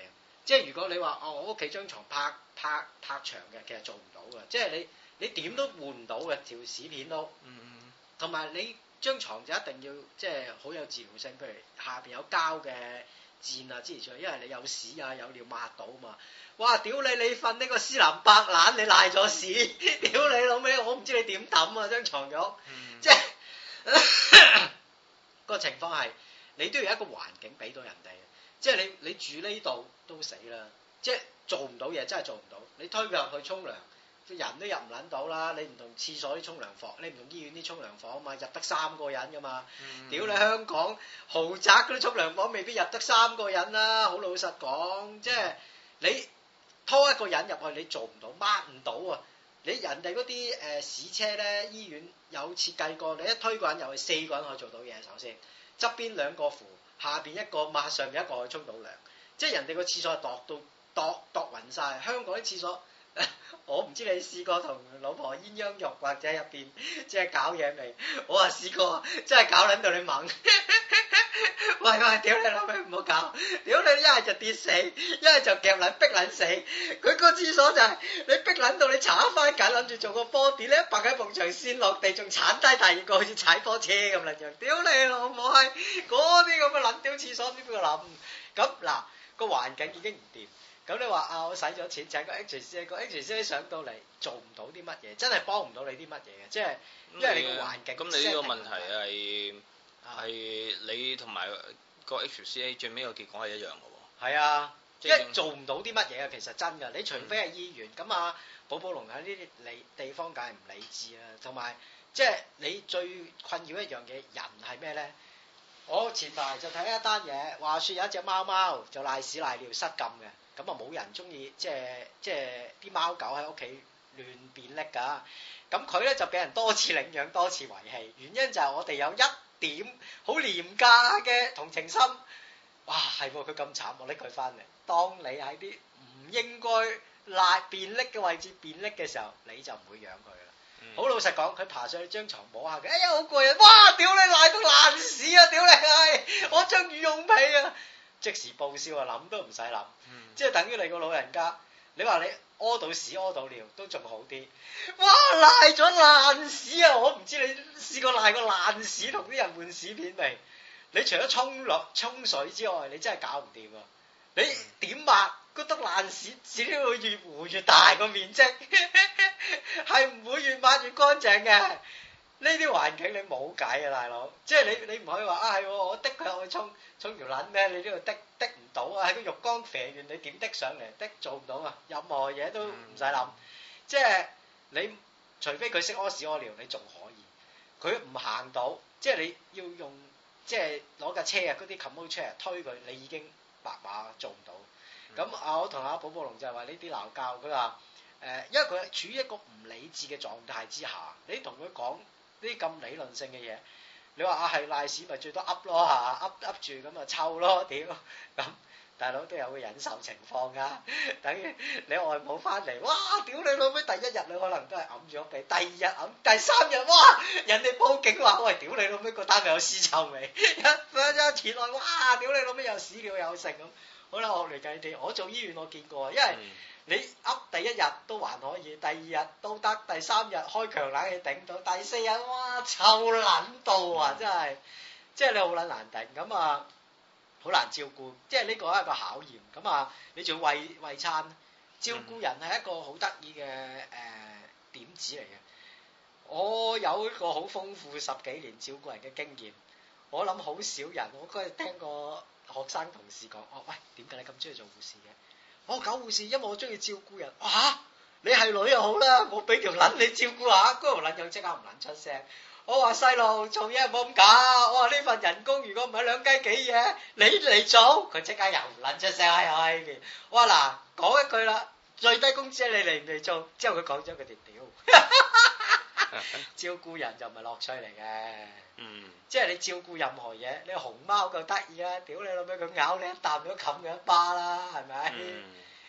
S1: 即係如果你話哦，我屋企張床拍拍拍牆嘅，其實做唔到嘅。即係你你點都換唔到嘅條屎片都。嗯，同埋你張床，床就一定要即係好有自由性，譬如下邊有膠嘅。賤啊！之前仲，因為你有屎啊，有尿抹到嘛，哇！屌你！你瞓呢個斯林百懶，你瀨咗屎！屌你老味！我唔知你點抌啊張床褥。嗯、即係 個情況係你都要有一個環境俾到人哋，即係你你住呢度都死啦，即係做唔到嘢真係做唔到，你推佢入去沖涼。人都入唔撚到啦！你唔同廁所啲沖涼房，你唔同醫院啲沖涼房啊嘛，入得三個人噶嘛。嗯、屌你香港豪宅嗰啲沖涼房未必入得三個人啦、啊！好老實講，即係你拖一個人入去，你做唔到，掹唔到啊！你人哋嗰啲誒屎車咧，醫院有設計過，你一推個人入去四個人可以做到嘢。首先側邊兩個扶，下邊一個抹，上面一個去沖到涼。即係人哋個廁所係度到度度雲晒香港啲廁所。我唔知你試過同老婆鴛鴦浴或者入邊即係搞嘢未？我啊試過，真係搞卵到你猛，喂喂，屌你老味，唔好搞！屌你一係就跌死，一係就夾卵逼卵死。佢個廁所就係你逼卵到你踩翻緊，諗住做個波點咧，白鬼碰牆先落地，仲鏟低第二個，好似踩波車咁卵樣。屌你老母閪，嗰啲咁嘅諗，屌廁所邊個諗？咁嗱，個環境已經唔掂。咁你話啊，我使咗錢請個 H C A，個 H C A 上到嚟做唔到啲乜嘢，真係幫唔到你啲乜嘢嘅，即
S2: 係因為你個環境。咁你呢個問題係係的的你同埋個 H C A 最尾個結果係一樣嘅喎。係啊的，即係做唔到啲
S1: 乜嘢嘅，其實真㗎。你除非係醫院，咁啊，寶寶龍喺呢啲理地方梗係唔理智啦。同埋即係你最困擾一樣嘅人係咩咧？我前排就睇一單嘢，話說有一隻貓貓就賴屎賴尿失禁嘅，咁啊冇人中意，即係即係啲貓狗喺屋企亂便溺噶，咁佢咧就俾人多次領養多次遺棄，原因就係我哋有一點好廉價嘅同情心，哇係，佢咁慘，我拎佢翻嚟。當你喺啲唔應該賴便溺嘅位置便溺嘅時候，你就唔會養佢。好老實講，佢爬上去張床摸下嘅，哎呀好攰啊！哇，屌你賴到爛屎啊！屌你，我張羽絨被啊！即時報銷啊，諗都唔使諗，嗯、即係等於你個老人家，你話你屙到屎屙到尿都仲好啲，哇賴咗爛屎啊！我唔知你試過賴個爛屎同啲人換屎片未？你除咗沖落沖水之外，你真係搞唔掂啊！你點抹？覺得爛屎屎會越糊越大個面積，係唔會越抹越乾淨嘅。呢啲環境你冇計啊，大佬。即係你你唔可以話、哎、啊，係我滴佢落去沖沖條撚咩？你呢度滴滴唔到啊！喺個浴缸肥完你，你點滴上嚟？滴做唔到啊！任何嘢都唔使諗。嗯、即係你除非佢識屙屎屙尿，你仲可以。佢唔行到，即係你要用即係攞架車啊，嗰啲 commode 推佢，你已經白馬做唔到。咁啊，我同阿寶寶龍就係話呢啲鬧交佢話。誒，因為佢係處於一個唔理智嘅狀態之下，你同佢講呢啲咁理論性嘅嘢，你話啊係瀨屎咪最多噏咯吓，噏噏住咁啊臭咯屌！咁大佬都有個忍受情況㗎，等於你外母返嚟，哇！屌你老味！第一日你可能都係揞住個鼻，第二日揞，第三日哇！人哋報警話喂，屌你老味個單位有屎臭味，一一張紙來，哇！屌你老味有屎尿有剩咁。好啦，我嚟計你哋。我做醫院，我見過啊。因為你噏第一日都還可以，第二日都得，第三日開強冷氣頂到，第四日哇臭撚到啊！嗯、真係，即係你好撚難頂咁啊，好難照顧。即係呢個係一個考驗咁啊，你仲餵餵餐照顧人係一個好得意嘅誒點子嚟嘅。我有一個好豐富十幾年照顧人嘅經驗，我諗好少人，我嗰日聽過。學生同事講，我、哦、喂，點解你咁中意做護士嘅？我、哦、搞護士，因為我中意照顧人。吓，你係女又好啦，我俾條捻你照顧下。嗰條捻又即刻唔捻出聲。我話細路做嘢唔好咁假。我話呢份人工如果唔係兩雞幾嘢，你嚟做。佢即刻又唔捻出聲、哎。哎呀，我話嗱，講一句啦，最低工資你嚟唔嚟做？之後佢講咗佢就屌。 照顧人就唔係樂趣嚟嘅、嗯，嗯，即係你照顧任何嘢，你熊貓夠得意啦，屌你老味佢咬你一啖都冚佢一巴啦，係咪？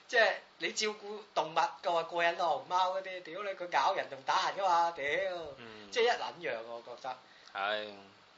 S1: 即係你照顧動物夠話過癮咯，熊貓嗰啲，屌你佢咬人仲打人噶嘛，屌，嗯、即係一撚樣、啊、我覺得。係、哎。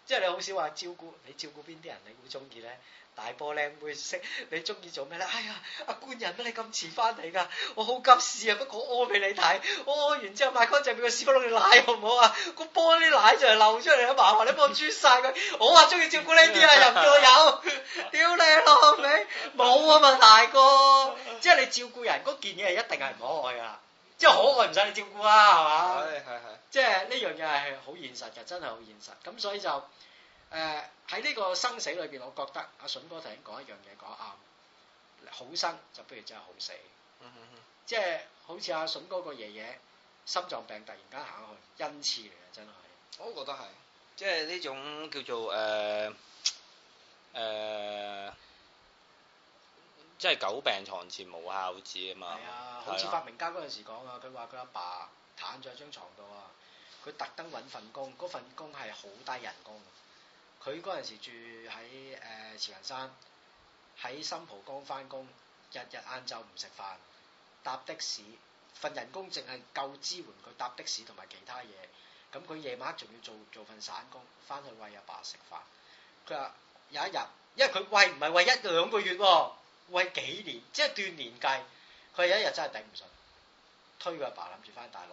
S1: 即係你好少話照顧，你照顧邊啲人你會中意咧？大波靚妹識你中意做咩咧？哎呀，阿官人乜，你咁遲翻嚟噶，我好急事啊！不過屙俾你睇，屙完之後抹乾淨俾個屎忽窿啲奶好唔好 啊？個波啲奶就嚟流出嚟啦，麻煩你幫我啜晒佢。我話中意照顧呢啲啊，又唔叫有，屌你老你冇啊嘛大哥，即係你照顧人嗰件嘢係一定係唔可愛噶。即係好耐唔使你照顧啊，係嘛？
S2: 係
S1: 係係。即係呢樣嘢係好現實嘅，真係好現實。咁所以就誒喺呢個生死裏邊，我覺得阿筍、啊、哥頭先講一樣嘢講啱，好生就不如真係好死。嗯嗯嗯。即係好似阿筍哥個爺爺心臟病突然間行去，恩賜嚟嘅真係。我都覺得係。
S2: 即係呢種叫做誒誒。呃呃即係久病床前無孝子啊嘛，係啊，好似發
S1: 明家嗰陣時講啊，佢話佢阿爸癱咗喺張床度啊，佢特登揾份工，嗰份工係好低人工。佢嗰陣時住喺誒、呃、慈雲山，喺新蒲崗翻工，日日晏晝唔食飯，搭的士份人工淨係夠支援佢搭的士同埋其他嘢。咁佢夜晚黑仲要做做份散工，翻去餵阿爸食飯。佢話有一日，因為佢餵唔係餵一兩個月啊。喂，幾年即係鍛鍊計，佢有一日真係頂唔順，推佢阿爸諗住翻大陸，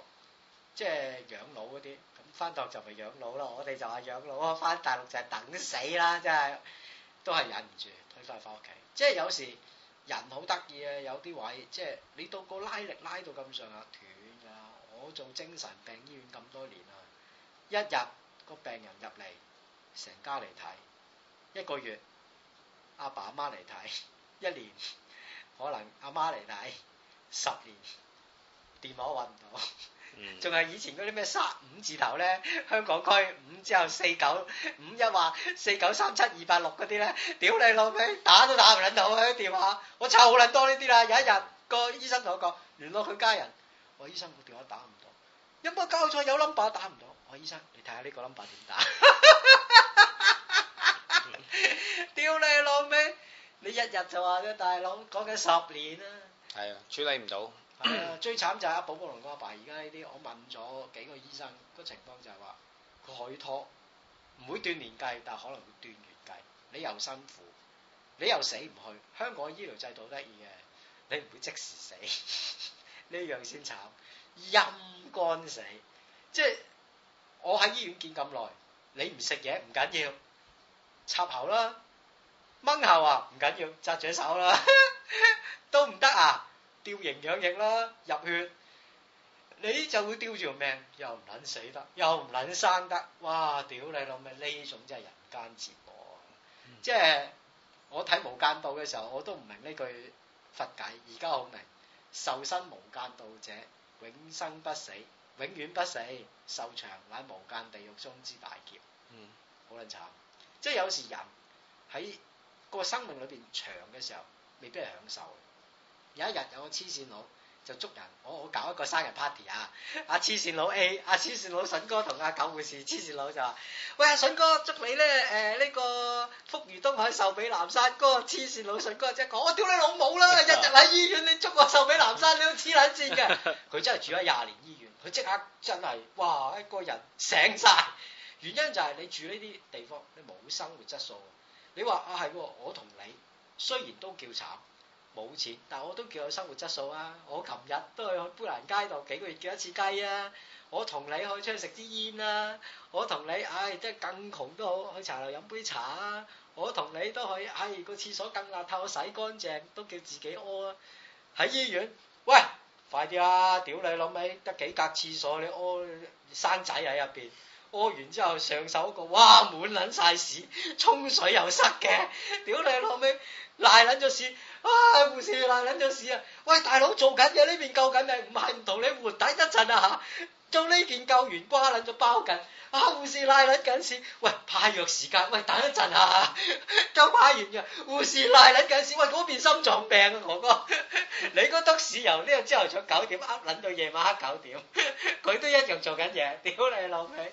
S1: 即係養老嗰啲，咁翻到就咪養老咯。我哋就話養老，翻大陸就係等死啦，真係都係忍唔住，推翻翻屋企。即係有時人好得意啊，有啲位即係你到個拉力拉到咁上下斷㗎。我做精神病醫院咁多年啊，一日個病人入嚟，成家嚟睇，一個月阿爸阿媽嚟睇。一年可能阿媽嚟睇，十年電話都搵唔到，仲係、嗯、以前嗰啲咩三五字頭咧，香港區五之後四九五一話四九三七二八六嗰啲咧，屌你老味，打都打唔捻到佢啲電話，我臭捻多呢啲啦！有一日個醫生同我講聯絡佢家人，我醫生個電話打唔到，有冇交錯有 number 打唔到，我醫生你睇下呢個 number 點打，屌 你老味！你一日就話咗，大佬講緊十年啦，
S2: 係啊，處理唔到。
S1: 啊，最慘就係阿寶哥同我阿爸而家呢啲，我問咗幾個醫生，個情況就係話佢可以拖，唔會斷年計，但係可能會斷月計。你又辛苦，你又死唔去。香港醫療制度得意嘅，你唔會即時死，呢 樣先慘。陰乾死，即係我喺醫院見咁耐，你唔食嘢唔緊要，插喉啦。掹喉啊，唔緊要，紮住手啦， 都唔得啊！吊營養液啦，入血，你就會吊住命，又唔捻死得，又唔捻生得，哇！屌你老味，呢種真係人間折磨。嗯、即係我睇無間道嘅時候，我都唔明呢句佛偈，而家好明，受身無間道者永生不死，永遠不死，受長乃無間地獄中之大劫。嗯，好捻慘，即係有時人喺。個生命裏邊長嘅時候，未必係享受。有一日有個黐線佬就捉人，我我搞一個生日 party 啊, A, 啊,啊！阿黐線佬 A、阿黐線佬笋哥同阿狗護士黐線佬就話：，喂，阿、啊、笋哥，祝你咧誒呢、呃這個福如東海壽比南山。哥，黐線佬笋哥即係講：我屌你老母啦！日日喺醫院，你捉我壽比南山，你黐捻線嘅。佢 真係住咗廿年醫院，佢即刻真係，哇！一個人醒晒，原因就係你住呢啲地方，你冇生活質素。你話啊係，我同你雖然都叫慘冇錢，但我都叫有生活質素啊！我琴日都去去砵蘭街度幾個月叫一次雞啊！我同你去出去食啲煙啊！我同你唉，即、哎、係更窮都好，去茶樓飲杯茶啊！我同你都去唉，個、哎、廁所更邋遢，我洗乾淨都叫自己屙。啊。喺醫院，喂，快啲啊！屌你老味，得幾格廁所你屙生仔喺入邊？屙完之後上手嗰個，哇滿撚晒屎，沖水又塞嘅，屌你！後屘瀨撚咗屎，啊護士瀨撚咗屎啊！喂，大佬，做緊嘢，呢邊救緊命，唔係唔同你換底一陣啊！做呢件救援瓜捻咗包緊，啊護士拉捻緊屎，喂派藥時間，喂等一陣啊，救派完藥，護士拉捻緊屎，喂嗰邊心臟病，啊！哥哥， 你嗰得屎由呢個朝頭早九點，呃，捻到夜晚黑九點，佢 都一樣做緊嘢，屌你老味，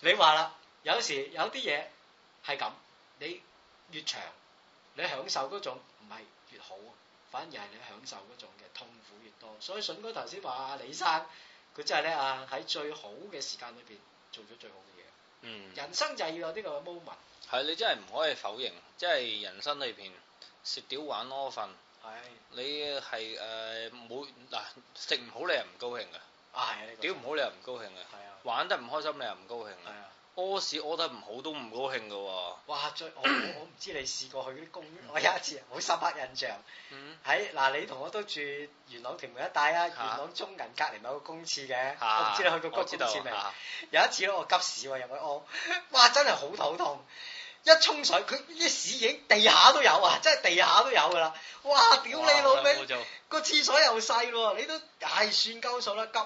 S1: 你話啦，有時有啲嘢係咁，你越長，你享受嗰種唔係越好，反而係你享受嗰種嘅痛苦越多，所以順哥頭先話李生。佢真係咧啊！喺最好嘅時間裏
S2: 邊做咗最好嘅嘢。嗯。人
S1: 生就係要有呢個 moment。
S2: 係，你真係唔可以否認，即係人生裏邊食屌玩屙瞓。係是的。你係誒每嗱食唔好你又唔高興嘅。啊，係
S1: 啊呢個。屌唔好
S2: 你又唔高興啊。係啊。玩得唔開心你又唔高興啊。係啊。屙屎屙得唔好都唔高興噶、啊，哇！最我我唔
S1: 知你試過去嗰啲公園， 我有一次好深刻印象。喺嗱， 你同我都住元朗屯門一帶啊，元朗中銀隔籬咪有個公廁嘅，啊、我唔知你去過公廁未？麼啊、有一次咧，我急屎喎入去屙，哇！真係好肚痛，一沖水佢啲屎已經地下都有啊，真係地下都有噶啦！哇！屌你老味！個廁所又細喎，你都係算鳩數啦急。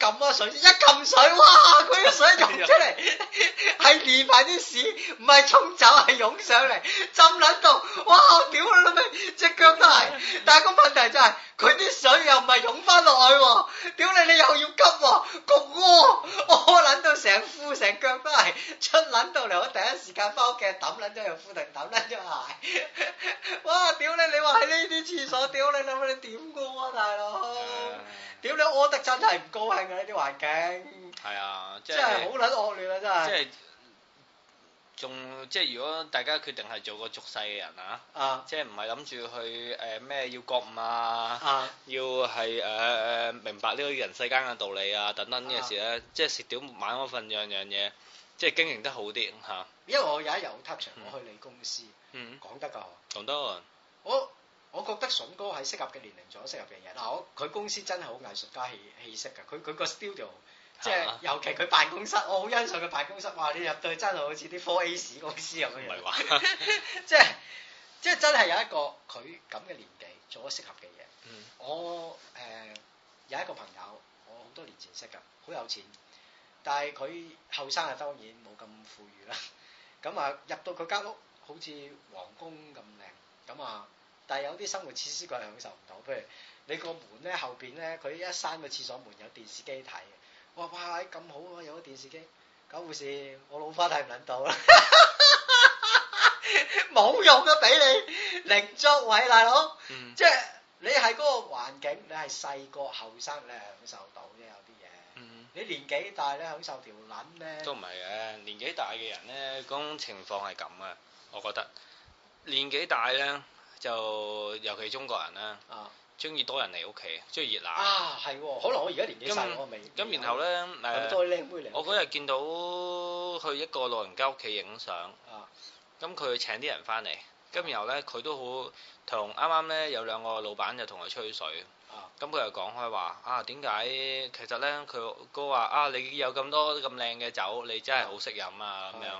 S1: 撳啊！水一撳水，哇！嗰啲水湧出嚟，係連排啲屎，唔係沖走，係湧上嚟，浸撚到，哇！ 屌你老味，隻腳都係。但係個問題就係、是。佢啲水又唔係湧翻落去喎，屌你 你又要急喎，啊，焗喎，屙撚到成褲成腳都係，出撚到嚟我第一時間翻屋企揼撚咗對褲定揼撚咗鞋， 哇！屌你，你話喺呢啲廁所，屌你，你話你點過啊大佬， 屌你屙得真係唔高興啊呢啲環境。
S2: 係啊、即係，啊，真係好撚惡劣啊真係。即係仲即係如果大家決定係做個俗世嘅人啊，啊即係唔係諗住去誒咩、呃、要覺悟啊，啊要係誒、呃、明白呢個人世間嘅道理啊等等呢件事咧，啊、即係蝕屌晚嗰份樣樣嘢，即係經營得好啲嚇。
S1: 啊、因為我有一日好 touch，我去你公司，講、嗯、得㗎，講、嗯嗯、得啊。我我覺得筍哥喺適合嘅年齡做適合嘅嘢。但係，我佢公司真係好藝術家氣氣息㗎。佢佢個 style。
S2: 即係尤其
S1: 佢辦公室，我好欣賞佢辦公室哇！你入到去真係好似啲 Four As 公司咁樣，唔係話，即係即係真係有一個佢咁嘅年紀做咗適合嘅嘢。嗯、我誒、呃、有一個朋友，我好多年前識噶，好有錢，但係佢後生啊，當然冇咁富裕啦。咁 啊、嗯，入到佢間屋好似皇宮咁靚，咁、嗯、啊，但係有啲生活設施佢係享受唔到，譬如你個門咧後邊咧，佢一閂個廁所門有電視機睇。我哇！咁好啊，有個電視機，搞護士，我老花睇唔撚到啦，冇用嘅！俾你，零作位大佬，即係你係嗰個環境，你係細個後生，你係享受到嘅，有啲嘢。你年紀大，你享受條撚咩？都唔
S2: 係嘅，年紀大嘅人咧，嗰種情況係咁嘅，我覺得年紀大咧，就尤其中國人啦。啊！中意多人嚟屋企，中意熱鬧啊！
S1: 係，可能我而
S2: 家年紀細，我未咁。咁然後咧，誒，我嗰日見到去一個老人家屋企影相啊。咁佢請啲人翻嚟，咁然後咧，佢都好，同啱啱咧有兩個老闆就同佢吹水。咁佢又講開話啊，點解其實咧佢哥，話啊，你有咁多咁靚嘅酒，你真係好識飲啊咁樣。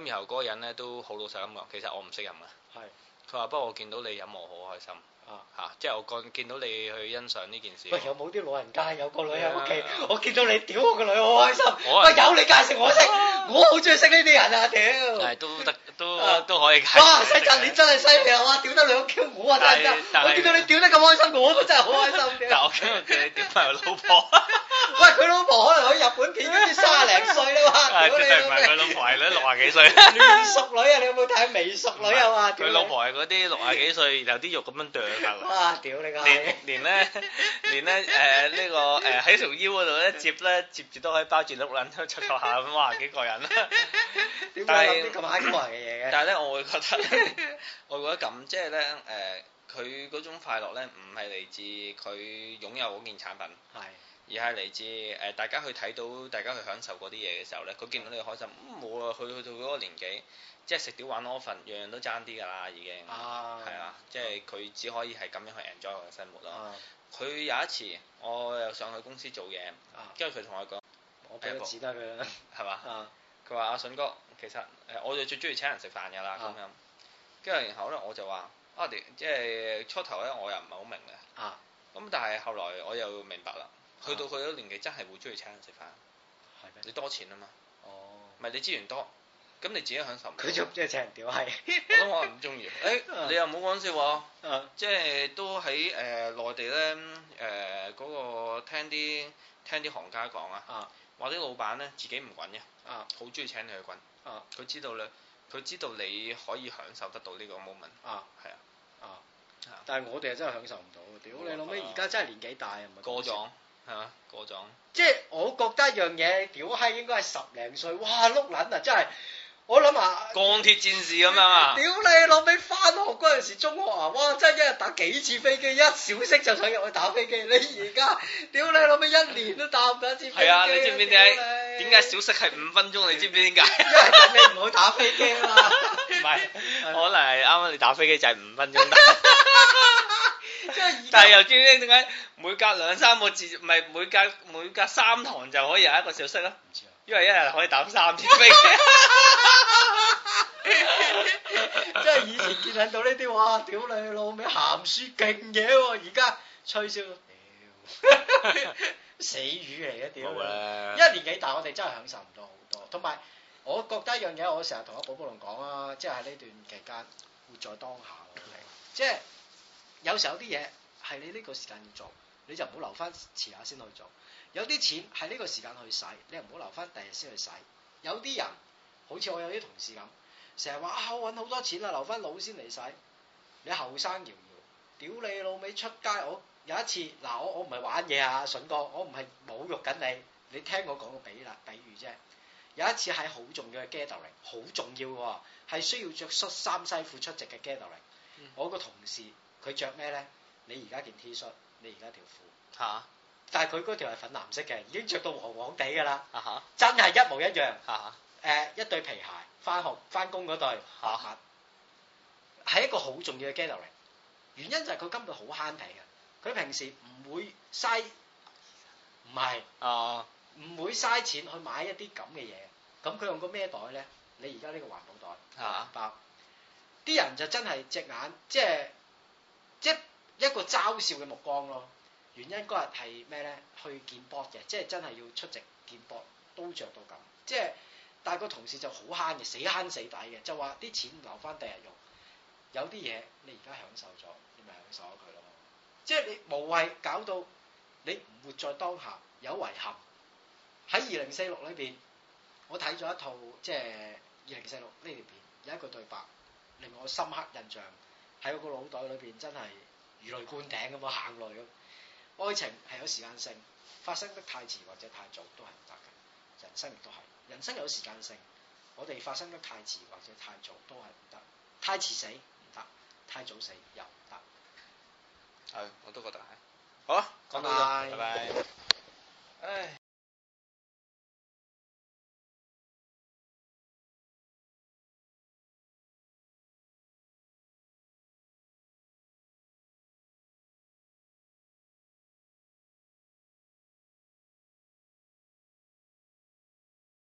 S2: 咁然後嗰個人咧都好老實咁講，其實我唔識飲啊。係。佢話：不過我見到你飲，我好開心。啊嚇！即係我見見到你去欣賞呢件事。喂！有
S1: 冇啲老人家有個女喺屋企？我見到你屌我個女好開心。喂！有你介紹我識，我好中意識呢啲人啊！屌。係都得
S2: 都都可以。
S1: 哇！世界你真係犀利啊！哇！屌得兩 Q 我啊得唔得？我見到你屌得咁開心，我都真係好開心
S2: 屌。但係我驚我驚你屌埋我老婆。
S1: 喂！佢老婆可能喺日本幾多啲卅零歲啦嘛？係真係唔係佢老
S2: 婆？係女六啊幾歲？
S1: 熟女啊！你有冇睇美
S2: 熟女啊？佢老婆係嗰啲六啊幾歲，有啲肉咁樣啄。
S1: 哇！屌你個 連
S2: 連咧，連咧誒呢、呃這個誒喺條腰嗰度咧，接咧接住都可以包住碌卵出錯下咁，哇幾過癮。啊 但！點解諗啲咁閪過癮嘅嘢嘅？ 但係咧，我會覺得，我會覺得咁即係咧誒，佢、就、嗰、是呃、種快樂咧，唔係嚟自佢擁有嗰件產品。係。而係嚟自誒，大家去睇到，大家去享受嗰啲嘢嘅時候咧，佢見到你開心，冇啊！去去到嗰個年紀，即係食屌玩 off 份，樣樣都爭啲㗎啦，已經係啊，即係佢只可以係咁樣去 enjoy 我嘅生活咯。佢有一次，我又上去公司做嘢，跟住佢同我講：我劈個紙得㗎啦，係嘛？佢話：阿信哥，其實誒，我就最中意請人食飯㗎啦。咁樣跟住，然後咧，我就話：啊，點即係初頭咧，我又唔係好明嘅。咁但係後來我又明白啦。去到佢嗰年紀，真係會中意請人食飯。係你多錢啊嘛。哦。咪你資源多，咁你自己享受。佢就唔
S1: 中意請人屌係？
S2: 我諗我唔中意。誒，你又唔好講笑喎。即係都喺誒內地咧，誒嗰個聽啲聽啲行家講啊。啊。話啲老闆咧，自己唔滾嘅。啊。好中意請你去滾。啊。佢知道咧，佢知道你可以享受得到呢個 moment。啊。係啊。啊。但
S1: 係我哋係真係享受唔到。屌你諗起而家真係年紀大啊，咪。過咗。
S2: 係啊，嗰種。
S1: 即係我覺得一樣嘢，屌閪應該係十零歲，哇碌撚啊！真係，我諗下！
S2: 鋼鐵戰士咁樣啊。屌
S1: 你，諗起翻學嗰陣時中學啊，哇！真係一日打幾次飛機，一小息就想入去打飛機。你而家，屌你，諗起一年都打唔到一次飛機，啊。係 啊，你知唔知點解？
S2: 點解你小息係五分鐘？你知唔知點解？ 因為你唔好打飛機啊嘛。唔係 是， 可能係啱啱你打飛機就係五分鐘。 但係又見呢，點解每隔兩三個字，唔係每隔每隔三堂就可以有一個小息咯？因為一日可以打三次飛。即
S1: 係 以前見到呢啲，哇！屌你老味，鹹書勁嘢喎！而家吹簫，死魚嚟嘅屌！因為了年紀大，我哋真係享受唔到好多。同埋我覺得一樣嘢，我成日同阿寶寶龍講啊，即係喺呢段期間活在當下即係。有時候有啲嘢係你呢個時間要做，你就唔好留翻遲下先去做。有啲錢係呢個時間去使，你又唔好留翻第日先去使。有啲人好似我有啲同事咁，成日話：我揾好多錢啦，留翻老先嚟使。你後生搖搖，屌你老味出街！我有一次嗱，我我唔係玩嘢啊，筍哥，我唔係侮辱緊你，你聽我講個比啦比喻啫。有一次係好重要嘅 gathering，好重要喎，係需要着恤衫西褲出席嘅 gathering。我個同事。佢著咩咧？你而家件 T 恤，你而家條褲嚇，但係佢嗰條係粉藍色嘅，已經著到黃黃地㗎啦。啊哈！真係一模一樣。嚇嚇！誒，一對皮鞋，返學返工嗰對嚇嚇，係一個好重要嘅 gathering。原因就係佢根本好慳皮嘅，佢平時唔會嘥，唔係啊，唔會嘥錢去買一啲咁嘅嘢。咁佢用個咩袋咧？你而家呢個環保袋嚇，白啲人就真係隻眼即係。即一個嘲笑嘅目光咯，原因嗰日係咩咧？去見波嘅，即係真係要出席見波，都着到咁。即係，但係個同事就好慳嘅，死慳死抵嘅，就話啲錢留翻第日用。有啲嘢你而家享受咗，你咪享受咗佢咯。即係你無謂搞到你唔活在當下，有遺憾。喺二零四六裏邊，我睇咗一套即係二零四六呢條片有一個對白，令我深刻印象。喺個腦袋裏邊真係如雷灌頂咁樣行落去咯。愛情係有時間性，發生得太遲或者太早都係唔得嘅。人生亦都係，人生有時間性，我哋發生得太遲或者太早都係唔得。太遲死唔得，太早死又唔得。
S2: 係，我都覺得係。好啦，講拜拜 bye。Bye bye